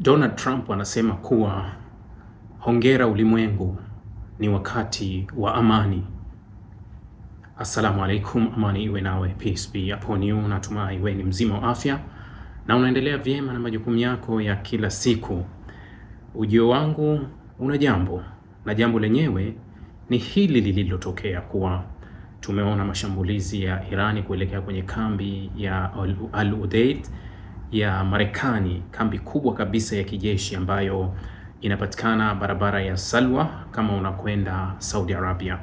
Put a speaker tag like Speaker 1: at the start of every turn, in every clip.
Speaker 1: Donald Trump anasema kuwa hongera ulimwengu, ni wakati wa amani. Assalamu alaikum, amani iwe nawe, peace be upon you. Natumai we ni mzima wa afya na unaendelea vyema na majukumu yako ya kila siku. Ujio wangu una jambo na jambo lenyewe ni hili lililotokea kuwa tumeona mashambulizi ya Irani kuelekea kwenye kambi ya Al Udeid ya Marekani, kambi kubwa kabisa ya kijeshi ambayo inapatikana barabara ya Salwa kama unakwenda Saudi Arabia,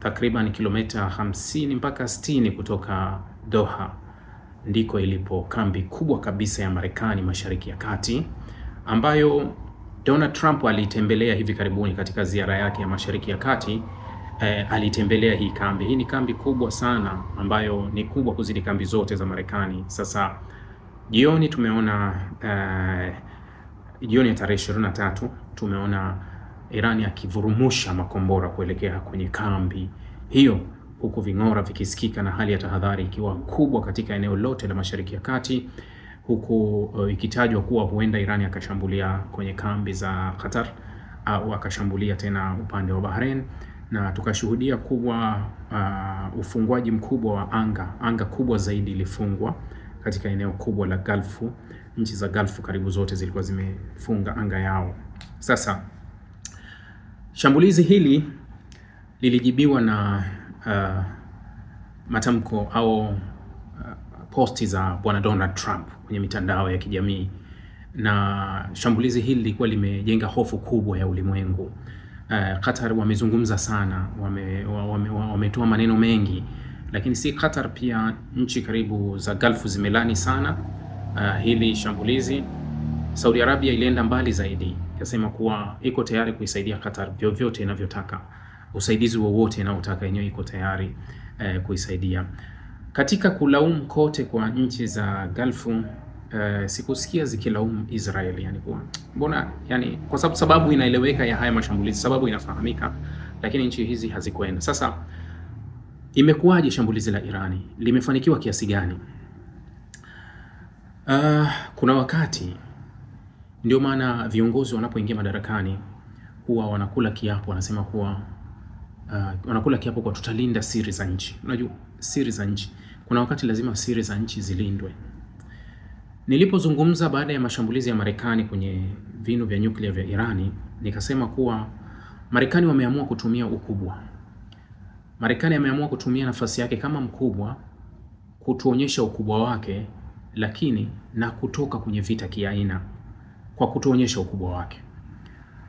Speaker 1: takriban kilomita 50 mpaka 60 kutoka Doha, ndiko ilipo kambi kubwa kabisa ya Marekani Mashariki ya Kati ambayo Donald Trump alitembelea hivi karibuni katika ziara yake ya Mashariki ya Kati. Eh, alitembelea hii kambi. Hii ni kambi kubwa sana ambayo ni kubwa kuzidi kambi zote za Marekani. Sasa Jioni tumeona uh, jioni ya tarehe 23 tumeona Irani akivurumusha makombora kuelekea kwenye kambi hiyo huku ving'ora vikisikika na hali ya tahadhari ikiwa kubwa katika eneo lote la Mashariki ya Kati huku uh, ikitajwa kuwa huenda Irani akashambulia kwenye kambi za Qatar au uh, akashambulia tena upande wa Bahrain na tukashuhudia kubwa uh, ah, ufungwaji mkubwa wa anga. Anga kubwa zaidi ilifungwa katika eneo kubwa la Gulfu. Nchi za Gulfu karibu zote zilikuwa zimefunga anga yao. Sasa shambulizi hili lilijibiwa na uh, matamko au uh, posti za bwana Donald Trump kwenye mitandao ya kijamii, na shambulizi hili lilikuwa limejenga hofu kubwa ya ulimwengu. Uh, Qatar wamezungumza sana, wametoa wame, wame, wame maneno mengi lakini si Qatar, pia nchi karibu za Gulf zimelani sana uh, hili shambulizi. Saudi Arabia ilienda mbali zaidi ikasema kuwa iko tayari kuisaidia Qatar vyovyote inavyotaka, usaidizi wowote inaotaka yenyewe iko tayari uh, kuisaidia. Katika kulaumu kote kwa nchi za Gulf Uh, sikusikia zikilaumu Israel yani kwa mbona yani, kwa sababu sababu inaeleweka ya haya mashambulizi, sababu inafahamika, lakini nchi hizi hazikwenda sasa Imekuwaje shambulizi la Irani limefanikiwa kiasi gani? Uh, kuna wakati ndio maana viongozi wanapoingia madarakani huwa wanakula kiapo, wanasema kuwa uh, wanakula kiapo kwa tutalinda siri za nchi. Unajua siri za nchi, kuna wakati lazima siri za nchi zilindwe. Nilipozungumza baada ya mashambulizi ya Marekani kwenye vinu vya nyuklia vya Irani, nikasema kuwa Marekani wameamua kutumia ukubwa Marekani ameamua kutumia nafasi yake kama mkubwa kutuonyesha ukubwa wake, lakini na kutoka kwenye vita kiaina kwa kutuonyesha ukubwa wake.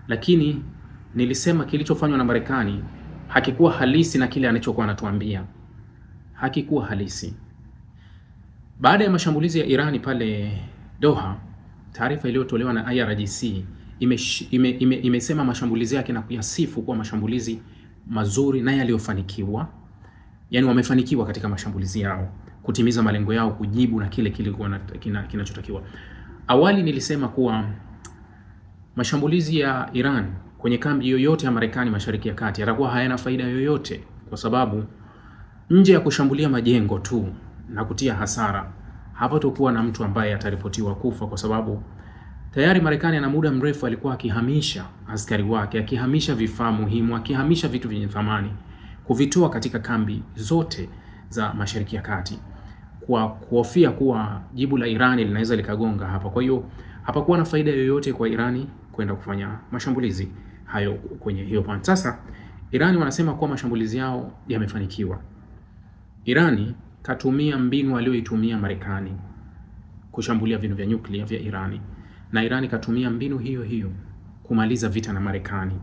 Speaker 1: Lakini nilisema kilichofanywa na Marekani hakikuwa halisi na kile anachokuwa anatuambia hakikuwa halisi. Baada ya mashambulizi ya Irani pale Doha, taarifa iliyotolewa na IRGC imesema ime, ime, ime, mashambulizi yake na kuyasifu kuwa mashambulizi mazuri na yaliyofanikiwa, yani wamefanikiwa katika mashambulizi yao kutimiza malengo yao, kujibu na kile kilikuwa kinachotakiwa. Awali nilisema kuwa mashambulizi ya Iran kwenye kambi yoyote ya Marekani Mashariki ya Kati yatakuwa hayana faida yoyote, kwa sababu nje ya kushambulia majengo tu na kutia hasara, hapatokuwa na mtu ambaye ataripotiwa kufa kwa sababu Tayari Marekani ana muda mrefu alikuwa akihamisha askari wake, akihamisha vifaa muhimu, akihamisha vitu vyenye thamani kuvitoa katika kambi zote za Mashariki ya Kati kwa kuhofia kuwa jibu la Irani linaweza likagonga hapa. Kwa hiyo hapakuwa na faida yoyote kwa Irani kwenda kufanya mashambulizi hayo kwenye hiyo pwani. Sasa Irani wanasema kuwa mashambulizi yao yamefanikiwa. Irani katumia mbinu aliyoitumia Marekani kushambulia vinu vya nyuklia vya Irani na Iran ikatumia mbinu hiyo hiyo kumaliza vita na Marekani.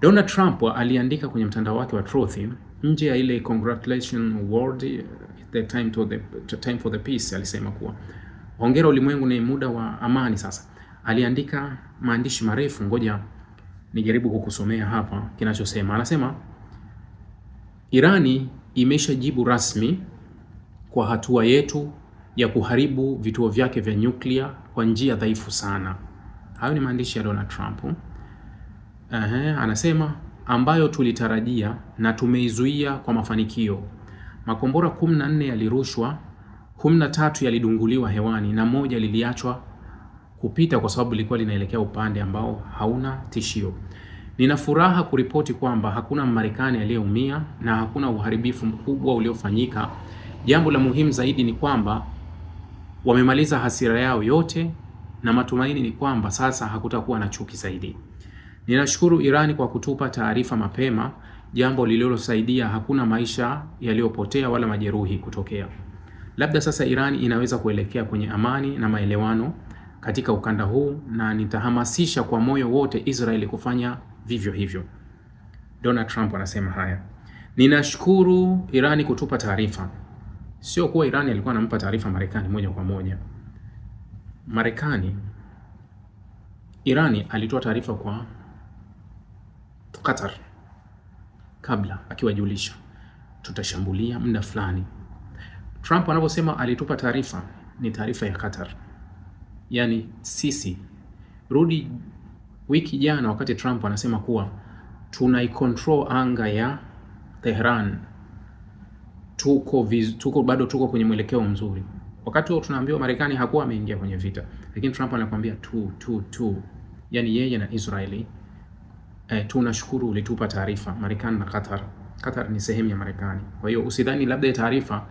Speaker 1: Donald Trump aliandika kwenye mtandao wake wa Truth nje ya ile congratulation word, the time to the time for the peace, alisema kuwa hongera ulimwengu, ni muda wa amani sasa. Aliandika maandishi marefu, ngoja nijaribu kukusomea hapa kinachosema. Anasema Irani imeshajibu rasmi kwa hatua yetu ya kuharibu vituo vyake vya nyuklia kwa njia dhaifu sana. Hayo ni maandishi ya Donald Trump. Ehe, anasema ambayo tulitarajia na tumeizuia kwa mafanikio. Makombora 14 yalirushwa, 13 yalidunguliwa hewani na moja liliachwa kupita kwa sababu lilikuwa linaelekea upande ambao hauna tishio. Nina furaha kuripoti kwamba hakuna marekani aliyeumia na hakuna uharibifu mkubwa uliofanyika. Jambo la muhimu zaidi ni kwamba Wamemaliza hasira yao yote na matumaini ni kwamba sasa hakutakuwa na chuki zaidi. Ninashukuru Irani kwa kutupa taarifa mapema, jambo lililosaidia hakuna maisha yaliyopotea wala majeruhi kutokea. Labda sasa Irani inaweza kuelekea kwenye amani na maelewano katika ukanda huu na nitahamasisha kwa moyo wote Israeli kufanya vivyo hivyo. Donald Trump anasema haya. Ninashukuru Irani kutupa taarifa. Sio kuwa Iran alikuwa anampa taarifa Marekani moja kwa moja. Marekani, Irani alitoa taarifa kwa Qatar kabla, akiwajulisha tutashambulia muda fulani. Trump anaposema alitupa taarifa, ni taarifa ya Qatar, yaani sisi. Rudi wiki jana, wakati Trump anasema kuwa tunaikontrol anga ya Tehran tuko viz, tuko bado tuko kwenye mwelekeo mzuri. Wakati huo tunaambiwa Marekani hakuwa ameingia kwenye vita, lakini Trump anakuambia tu tu tu, yani yeye na Israeli eh, tunashukuru ulitupa taarifa Marekani na Qatar. Qatar ni sehemu ya Marekani, kwa hiyo usidhani labda taarifa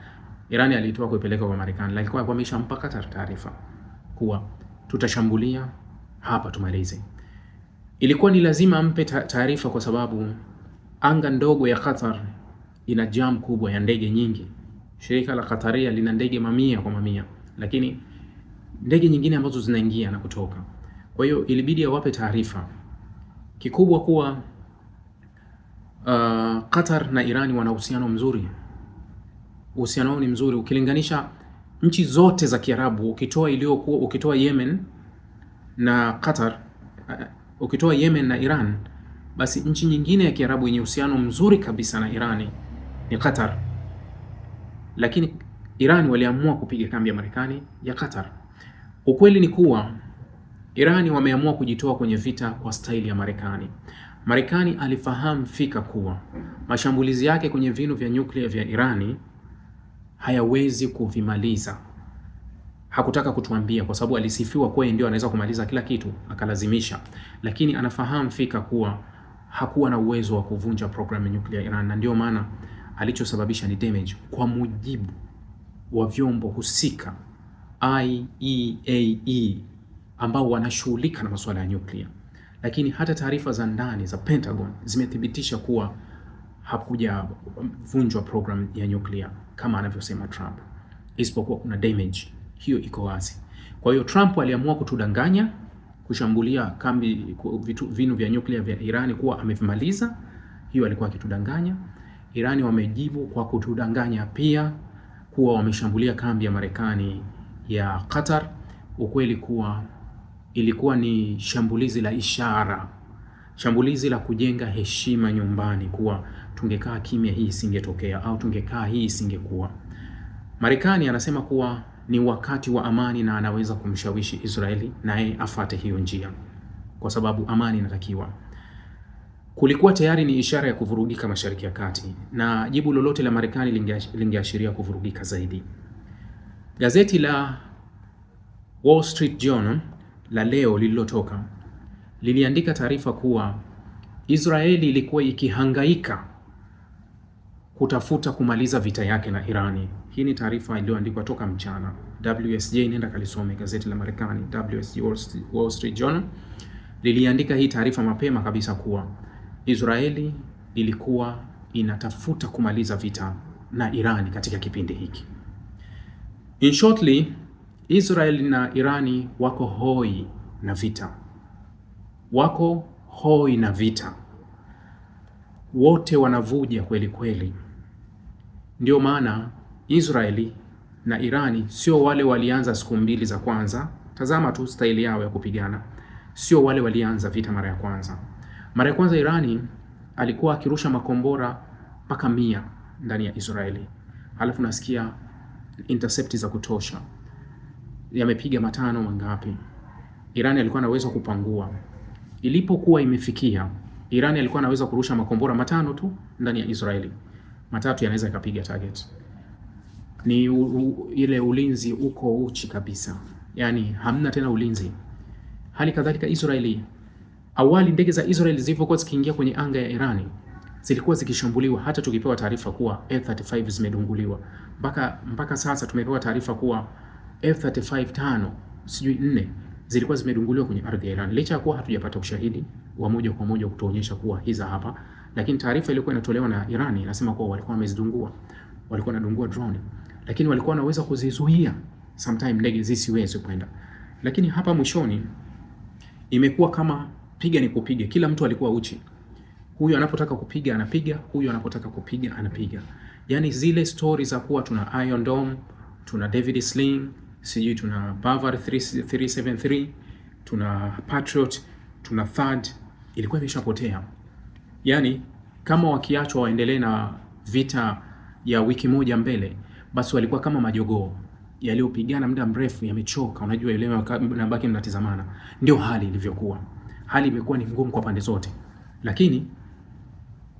Speaker 1: Iran alitoa kuipeleka kwa Marekani, lakini kwa ameshampa Qatar taarifa kuwa tutashambulia hapa tumalize. Ilikuwa ni lazima ampe taarifa kwa sababu anga ndogo ya Qatar ina jam kubwa ya ndege nyingi. Shirika la Qataria lina ndege mamia kwa mamia, lakini ndege nyingine ambazo zinaingia na kutoka. Kwa hiyo ilibidi awape taarifa kikubwa kuwa uh, Qatar na Irani wana uhusiano mzuri. Uhusiano wao ni mzuri ukilinganisha nchi zote za Kiarabu, ukitoa iliyokuwa ukitoa Yemen na Qatar uh, ukitoa Yemen na Iran, basi nchi nyingine ya Kiarabu yenye uhusiano mzuri kabisa na Irani ni Qatar, lakini Iran waliamua kupiga kambi ya Marekani ya Qatar. Ukweli ni kuwa Irani wameamua kujitoa kwenye vita kwa staili ya Marekani. Marekani alifahamu fika kuwa mashambulizi yake kwenye vinu vya nyuklia vya Irani hayawezi kuvimaliza. Hakutaka kutuambia kwa sababu alisifiwa kwa ndio anaweza kumaliza kila kitu, akalazimisha. Lakini anafahamu fika kuwa hakuwa na uwezo wa kuvunja programu ya nyuklia Iran na ndio maana alichosababisha ni damage, kwa mujibu wa vyombo husika IAEA e, ambao wanashughulika na masuala ya nyuklia. Lakini hata taarifa za ndani za Pentagon zimethibitisha kuwa hakujavunjwa program ya nyuklia kama anavyosema Trump, isipokuwa kuna damage, hiyo iko wazi. Kwa hiyo Trump aliamua kutudanganya kushambulia kambi, vinu vya nyuklia vya Irani kuwa amevimaliza. Hiyo alikuwa akitudanganya. Irani wamejibu kwa kutudanganya pia kuwa wameshambulia kambi ya Marekani ya Qatar. Ukweli kuwa ilikuwa ni shambulizi la ishara, shambulizi la kujenga heshima nyumbani, kuwa tungekaa kimya hii isingetokea au tungekaa hii isingekuwa. Marekani anasema kuwa ni wakati wa amani na anaweza kumshawishi Israeli naye afate hiyo njia, kwa sababu amani inatakiwa kulikuwa tayari ni ishara ya kuvurugika Mashariki ya Kati na jibu lolote la Marekani lingeashiria kuvurugika zaidi. Gazeti la Wall Street Journal la leo lililotoka liliandika taarifa kuwa Israeli ilikuwa ikihangaika kutafuta kumaliza vita yake na Irani. Hii ni taarifa iliyoandikwa toka mchana. WSJ, nenda kalisome gazeti la Marekani WSJ Wall Street Journal liliandika hii taarifa mapema kabisa kuwa Israeli ilikuwa inatafuta kumaliza vita na Irani katika kipindi hiki. In shortly, Israeli na Irani wako hoi na vita, wako hoi na vita, wote wanavuja kweli kweli. Ndiyo maana Israeli na Irani sio wale walianza siku mbili za kwanza. Tazama tu staili yao ya kupigana, sio wale walianza vita mara ya kwanza. Mara ya kwanza Irani alikuwa akirusha makombora mpaka mia ndani ya Israeli, halafu nasikia intercept za kutosha, yamepiga matano mangapi. Irani alikuwa anaweza kupangua. Ilipokuwa imefikia Irani alikuwa anaweza kurusha makombora matano tu ndani ya Israeli, matatu yanaweza ikapiga target. Ni u, u, ile ulinzi uko uchi kabisa, yaani hamna tena ulinzi. Hali kadhalika Israeli Awali ndege za Israel zilivyokuwa zikiingia kwenye anga ya Irani zilikuwa zikishambuliwa, hata tukipewa taarifa kuwa F35 zimedunguliwa. Mpaka mpaka sasa tumepewa taarifa kuwa F35 tano sijui nne zilikuwa zimedunguliwa kwenye ardhi ya Iran, licha ya kuwa hatujapata ushahidi wa moja kwa moja kutuonyesha kuwa hiza hapa, lakini taarifa iliyokuwa inatolewa na Iran inasema kuwa walikuwa wamezidungua, walikuwa wanadungua drone, lakini walikuwa wanaweza kuzizuia sometime ndege zisiweze kwenda. Lakini hapa mwishoni imekuwa kama piga ni kupiga, kila mtu alikuwa uchi. Huyu anapotaka kupiga anapiga, huyu anapotaka kupiga anapiga. Yaani zile stories za kuwa tuna Iron Dome, tuna David Sling, sijui tuna Bavar 373, tuna Patriot, tuna Third ilikuwa imeshapotea. Yaani kama wakiachwa waendelee na vita ya wiki moja mbele, basi walikuwa kama majogoo yaliyopigana muda mrefu, yamechoka. Unajua ile mabaki mnatizamana, ndio hali ilivyokuwa hali imekuwa ni ngumu kwa pande zote, lakini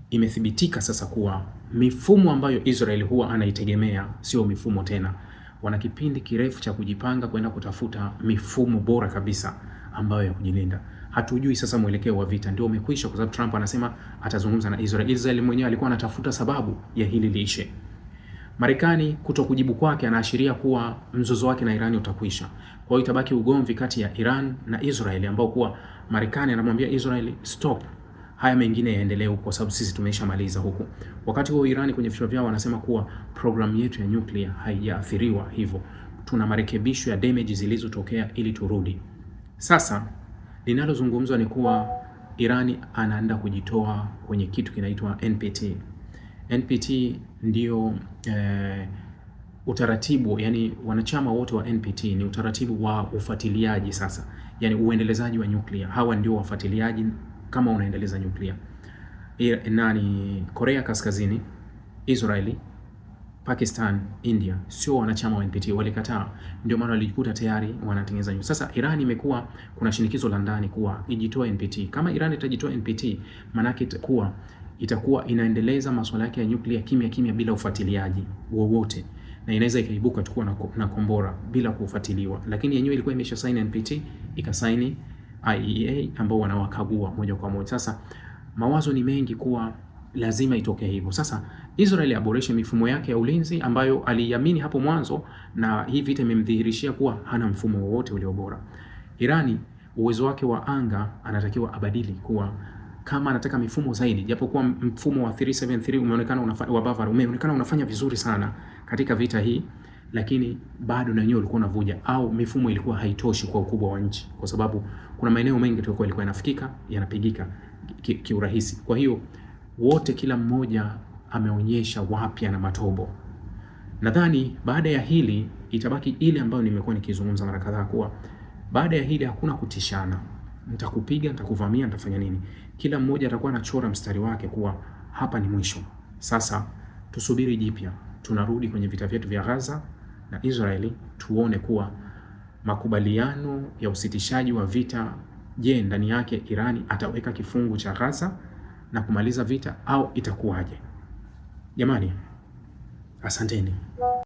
Speaker 1: imethibitika sasa kuwa mifumo ambayo Israel huwa anaitegemea sio mifumo tena. Wana kipindi kirefu cha kujipanga kwenda kutafuta mifumo bora kabisa ambayo ya kujilinda. Hatujui sasa mwelekeo wa vita ndio umekwisha, kwa sababu Trump anasema atazungumza na Israel. Israel mwenyewe alikuwa anatafuta sababu ya hili liishe. Marekani kuto kujibu kwake anaashiria kuwa mzozo wake na Irani utakwisha. Kwa hiyo itabaki ugomvi kati ya Iran na Israel ambao kuwa Marekani anamwambia Israel stop, haya mengine yaendelee huko, kwa sababu sisi tumeshamaliza huku. Wakati huo Irani kwenye vichwa vyao wanasema kuwa programu yetu ya nyuklia haijaathiriwa, hivyo tuna marekebisho ya damage zilizotokea ili turudi. Sasa linalozungumzwa ni kuwa Irani anaenda kujitoa kwenye kitu kinaitwa NPT. NPT ndio eh, utaratibu yani, wanachama wote wa NPT ni utaratibu wa ufuatiliaji sasa, yani uendelezaji wa nyuklia. Hawa ndio wafuatiliaji kama unaendeleza nyuklia. Nani? Korea Kaskazini, Israeli, Pakistan, India sio wanachama wa NPT, walikataa. Ndio maana walijikuta tayari wanatengeneza nyuklia. Sasa Iran imekuwa kuna shinikizo la ndani kuwa ijitoe NPT. Kama Iran itajitoa NPT, maanake itakuwa itakuwa inaendeleza masuala yake ya nyuklia kimya kimya bila ufuatiliaji wowote na inaweza ikaibuka tu na, na kombora bila kufuatiliwa, lakini yenyewe ilikuwa imesha sign NPT ikasaini IAEA ambao wanawakagua moja kwa moja. Sasa mawazo ni mengi kuwa lazima itokee hivyo. Sasa Israel aboreshe mifumo yake ya ulinzi ambayo aliamini hapo mwanzo, na hii vita imemdhihirishia kuwa hana mfumo wowote ulio bora. Irani uwezo wake wa anga anatakiwa abadili kuwa kama anataka mifumo zaidi, japokuwa mfumo wa 373 umeonekana unafanya wa Bavar umeonekana unafanya vizuri sana katika vita hii, lakini bado na wenyewe ulikuwa unavuja au mifumo ilikuwa haitoshi kwa ukubwa wa nchi, kwa sababu kuna maeneo mengi tu yalikuwa yanafikika yanapigika kiurahisi Kwa hiyo wote, kila mmoja ameonyesha wapya na matobo. Nadhani baada ya hili itabaki ile ambayo nimekuwa nikizungumza mara kadhaa kuwa baada ya hili hakuna kutishana, nitakupiga, nitakuvamia, nitafanya nini. Kila mmoja atakuwa anachora mstari wake kuwa hapa ni mwisho, sasa tusubiri jipya tunarudi kwenye vita vyetu vya Gaza na Israeli tuone kuwa makubaliano ya usitishaji wa vita, je, ndani yake Irani ataweka kifungu cha Gaza na kumaliza vita au itakuwaje? Jamani, asanteni.